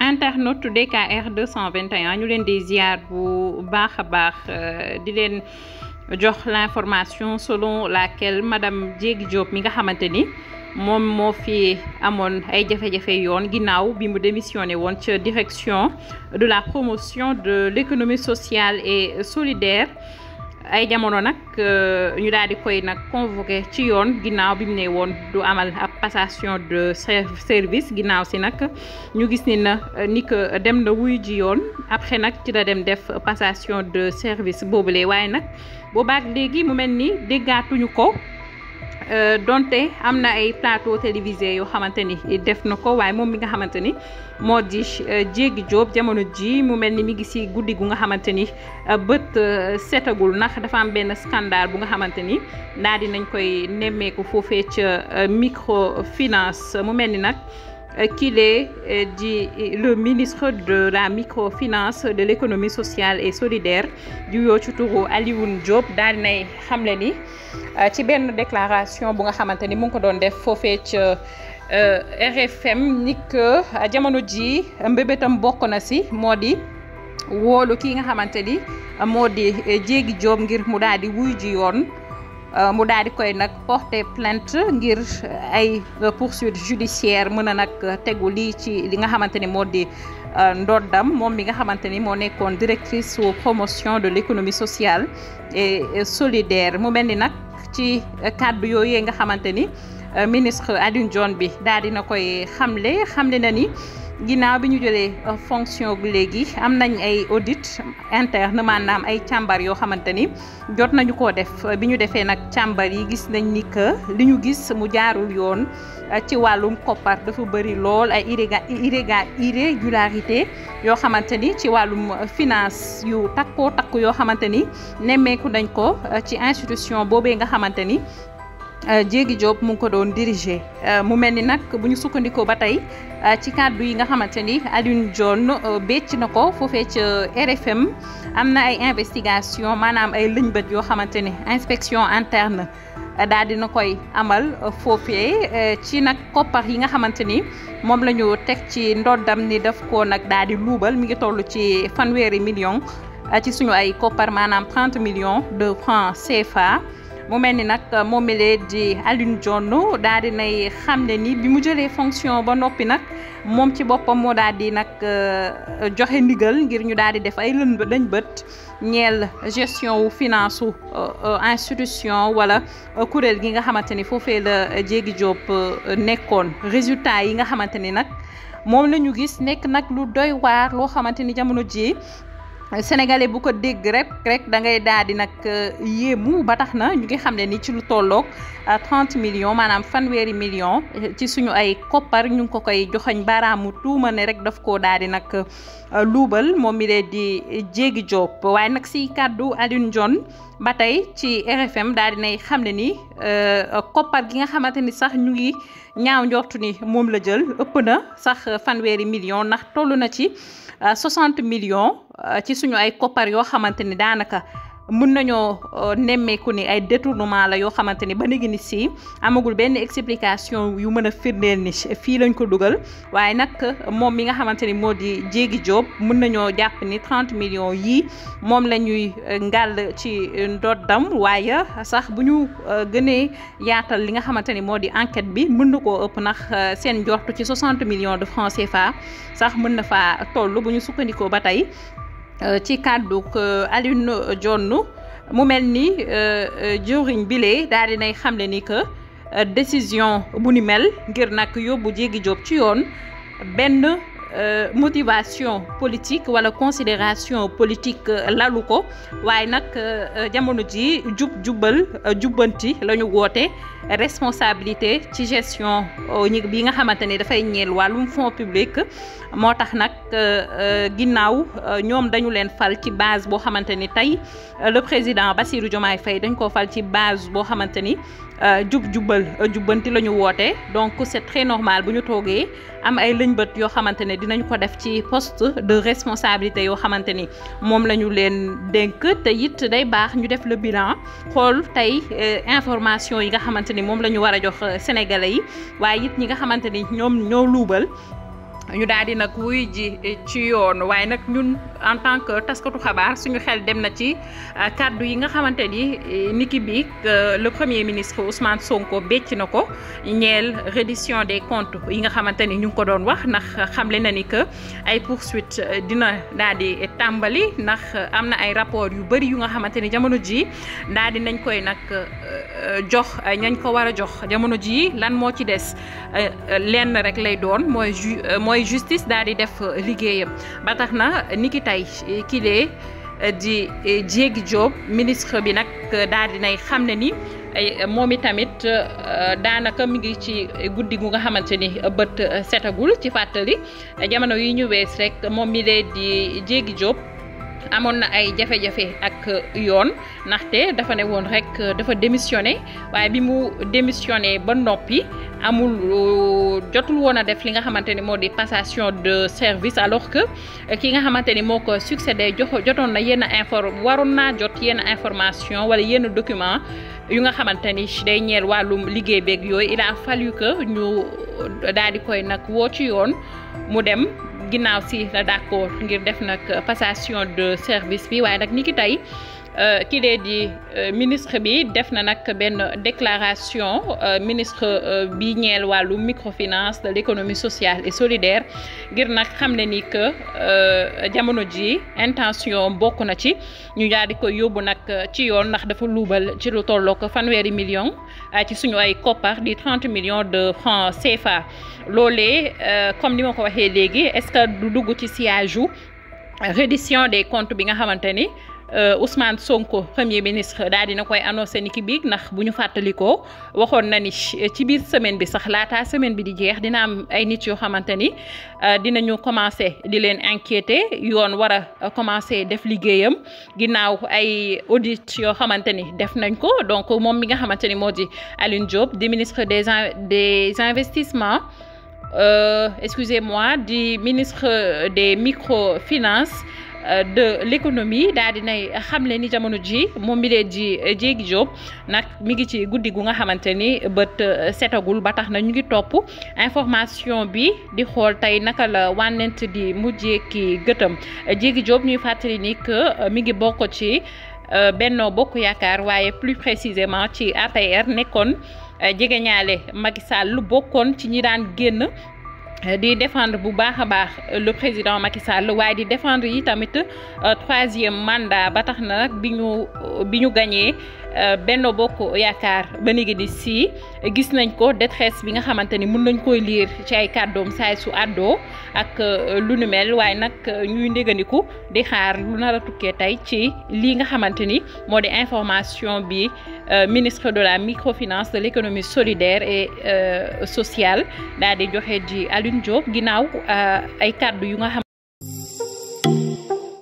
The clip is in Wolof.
internaute DKR 221 ñu leen di ziar bu baax a baax euh, di leen jox l'information selon laquelle madame Diégui Diop mi nga xamante ni moom moo fi amoon ay jafe-jafe yoon ginnaaw bi mu démissionné woon ca direction de la promotion de l'économie sociale et solidaire ay jamono nag euh, ñu daal di koy nag convoqué ci yoon ginnaaw bi mu ne woon du amal ab passation de service ginnaaw si nag ñu gis ni na euh, ni que dem na wuy ji yoon après nag ci la dem def passation de service boobu boobule waaye nag boobaak léegi mu mel ni déggaatuñu ko. Euh, donte am na ay plateau télévisé yoo xamante ni def na ko waaye moom mi nga xamante ni moo di Diégui euh, jamono ji mu mel ni mi ngi si guddi gu nga xamante ni euh, bët setagul ndax dafa am benn scandale bu nga xamante ni daal di nañ koy nemmeeku foofee ca finance mu mel ni nag. Euh, qu'il est euh, dit le ministre de la microfinance de l'économie sociale et solidaire di yoo ci turu Alioune Diop daal nay xamle ni euh, ci benn déclaration bu nga xamante ni mu ngi ko doon def foofee ca RFM ni que jamono ji mbébétam bokk na si moo di woolu kii nga xamante ni moo di jéegi Diop ngir mu daal di wuy ji yoon. Euh, mu daal di koy nag porter plainte ngir euh, ay euh, poursuite judiciaire mën a nag tegu lii ci li nga xamante ni moo di ndoddam moom mi nga xamante ni moo nekkoon directrice su promotion de l'économie sociale et solidaire mu mel ni nag ci kàddu yooyu nga xamante ni ministre Alioune Dione bi daal dina koy xamle xamle na ni. ginnaaw bi ñu jëlee euh, fonction bi léegi am nañ ay audit interne maanaam ay càmbar yoo xamante ni jot nañu koo def euh, bi ñu defee nag càmbar yi gis nañ ni que li ñu gis mu jaarul yoon euh, ci wàllum koppar dafa bëri lool ay irréga irréga irrégularité yoo xamante ni ci wàllum finance yu takkoo takk yoo xamante ni nemmeeku nañ ko ci institution boobee nga xamante ni Eh, Diégui Diop mu ngi ko doon diriger eh, mu mel ni nag bu ñu sukkandikoo ba tey eh, ci kàddu yi nga xamante ni Alioune Dione bécc na ko foofee ca RFM am na ay investigation maanaam ay lëñbët yoo xamante ni inspection interne daal na koy amal foofee ci nag koppar yi nga xamante ni moom la ñu teg ci ndoddam ni daf ko nag daal di luubal mi ngi toll ci fanweeri million ci suñu ay koppar maanaam trente millions de francs CFA. mu mel ni nag moom mi lee di Alioune Dione daal di nay xam ne ni bi mu jëlee fonction ba noppi nag moom ci boppam moo daal di nag euh, joxe ndigal ngir ñu daal di def ay lën dañ bët ñeel gestion wu finance wu euh, euh, institution wala kuréel gi nga xamante ni foofee la Diégui Diop nekkoon résultat yi nga xamante ni nag moom la ñu gis nekk nag lu doy waar loo xamante ni jamono ji sénégalais bu ko dégg rek rek da ngay daal di nag euh, yéemu ba tax na ñu ngi xam ne ni ci lu tollook 30 euh, millions maanaam fanweeri million euh, ci suñu ay koppar ñu ngi ko koy joxeñ baaraamu tuuma ne rek daf koo daal di nag luubal moom mi lee di jéegi job waaye nag si kaddu Alioune John ba tey ci RFM daal di nay xam ne ni koppar gi nga xamante ni sax ñu ngi ñaaw njortu ni moom la jël ëpp na sax fanweeri million ndax toll na ci 60 millions. ci suñu ay koppar yoo xamante ni daanaka mun nañoo euh, nemmeeku ni ay détournement la yoo xamante ni ba léegi si amagul benn explication yu mën a firndeel ni fii lañ ko dugal waaye nag moom mi nga xamante ni moo di Jéegi Jóob mun nañoo jàpp ni 30 million yii moom la ñuy euh, ngàll ci ndoddam waaye sax bu ñu euh, gënee yaatal li nga xamante ni moo di enquête bi mun na koo ëpp ndax seen njort ci 60 millions de francs fa sax mën na faa toll bu ñu sukkandikoo ba tey Euh, ci kàdduk euh, Alioune euh, Dione mu mel ni jëwriñ bile daal dinay xamle ni que décision bu ni mel ngir nag yóbbu Diégui Diop ci yoon benn Euh, motivation politique wala considération politique euh, lalu ko waaye nag euh, jamono ji jub jubal jubbanti la ñu woote responsabilité ci gestion ñi bi nga xamante ne dafay ñeel wàllum fonds public moo tax nag ginnaaw ñoom dañu leen fal ci base boo xamante ni tey le président Bassirou Diomaye Faye dañ ko fal ci base boo xamante ni Euh, jub jubal euh, jubanti la ñu woote donc c'est très normal bu ñu toogee am ay lëñbët yoo xamante ne dinañ ko def ci post de responsabilité yoo xamante ni moom lañu ñu leen dénk te it day baax ñu def le bilan xool tey euh, information yi nga xamante ni moom la ñu war a jox sénégalais yi waaye it ñi nga xamante ni ñoom ñoo luubal ñu daal nag wuy ji ci yoon waaye nag ñun en tant que taskatu xabaar suñu xel dem na ci euh, kaddu yi nga xamante ni euh, niki bi euh, le premier ministre Ousmane Sonko bécc na ko ñeel reddition des comptes yi nga xamante ni ñu ngi ko doon wax ndax xamle na ni que ay poursuite dina daal di tàmbali ndax am na ay rapport yu bëri yu nga xamante ni jamono ji daal di nañ koy nag jox ñañ ko war a jox jamono ji lan moo ci des lenn rek lay doon mooy ju mooy justice daal di def liggéeyam ba tax na niki tey eh, kilee eh, di eh, Diégui Diop ministre bi nag daal dinay xam ne ni moom itamit daanaka mu ngi ci guddi gu nga xamante ni bët setagul ci fàttali jamono yi ñu wees rek moom mi lee di Diégui jóob amoon na ay jafe-jafe ak yoon ndaxte dafa ne woon rek dafa démissionné waaye bi mu démissionné ba noppi amul jotul woon a def li nga xamante ni moo di passation de service alors que ki nga xamante ni moo ko succédé jox jotoon na yenn inform waroon naa jot yenn information wala yenn document yu nga xamante ni day ñeel wàllum liggéey beeg yooyu il a fallu que ñu daal di koy nag woo ci yoon mu dem. ginnaaw si la d'accord ngir def nag passation de service bi waaye nag ni ki tay Euh, kilee di euh, ministre bi def na nag benn déclaration euh, ministre bi ñeel wàllu microfinance de l'économie sociale et solidaire ngir nag xam ne ni que jamono ji intention bokk na ci ñu daal di ko yóbbu nag ci yoon ndax dafa luubal ci lu tollook fanweeri million ci suñu ay koppar di million millions de francs CFA loolee comme ni ma ko waxee léegi est-ce que du dugg ci siège u reddition des comptes bi nga xamante ni Euh, Ousmane Sonko premier ministre daal dina koy annoncé ni ki biig ndax bu ñu fàttalikoo waxoon na ni ci biir semaine bi sax laata semaine bi di jeex dina ay nit yoo xamante ni euh, dinañu commencé di leen enquêter yoon war a euh, commencé def liggéeyam ginnaaw ay audit yoo xamante ni def nañ ko donc moom mi nga xamante ni moo di Alioune Diop di ministre des des investissements excusez-moi di ministre des microfinances Euh, de l'économie daa dinay xamle ni jamono ji moom mi leen ji euh, jéegi Jóob nag mi ngi ci guddi gu nga xamante ni bët euh, setagul ba tax na ñu ngi topp information bi di xool tey naka la wànnent di mu ki gëtëm jéegi Jóob ñuy fàttali ni mi ngi bokk ci Benno Bokk Yaakaar waaye plus précisément ci APR nekkoon jegeñaale Macky Sall lu bokkoon ci ñi daan génn di défendre bu baax a baax le président Macky Sall waaye di défendre yi tamit euh, troisième mandat ba tax na nag bi ñu bi ñu gañee Euh, Benno Bokk Yaakaar ba léegi di si gis nañ ko détresse bi nga xamante ni mën nañ koy liir ci ay kàddoom saay su àddoo ak euh, lu nu mel waaye nag euh, ñuy ndéganiku di xaar lu nar a tukkee tey ci lii nga xamante ni moo di information bi ministre de la microfinance de l'économie solidaire et sociale daal di joxe ji Alioune Diop ginnaaw ay kàddu yu nga xam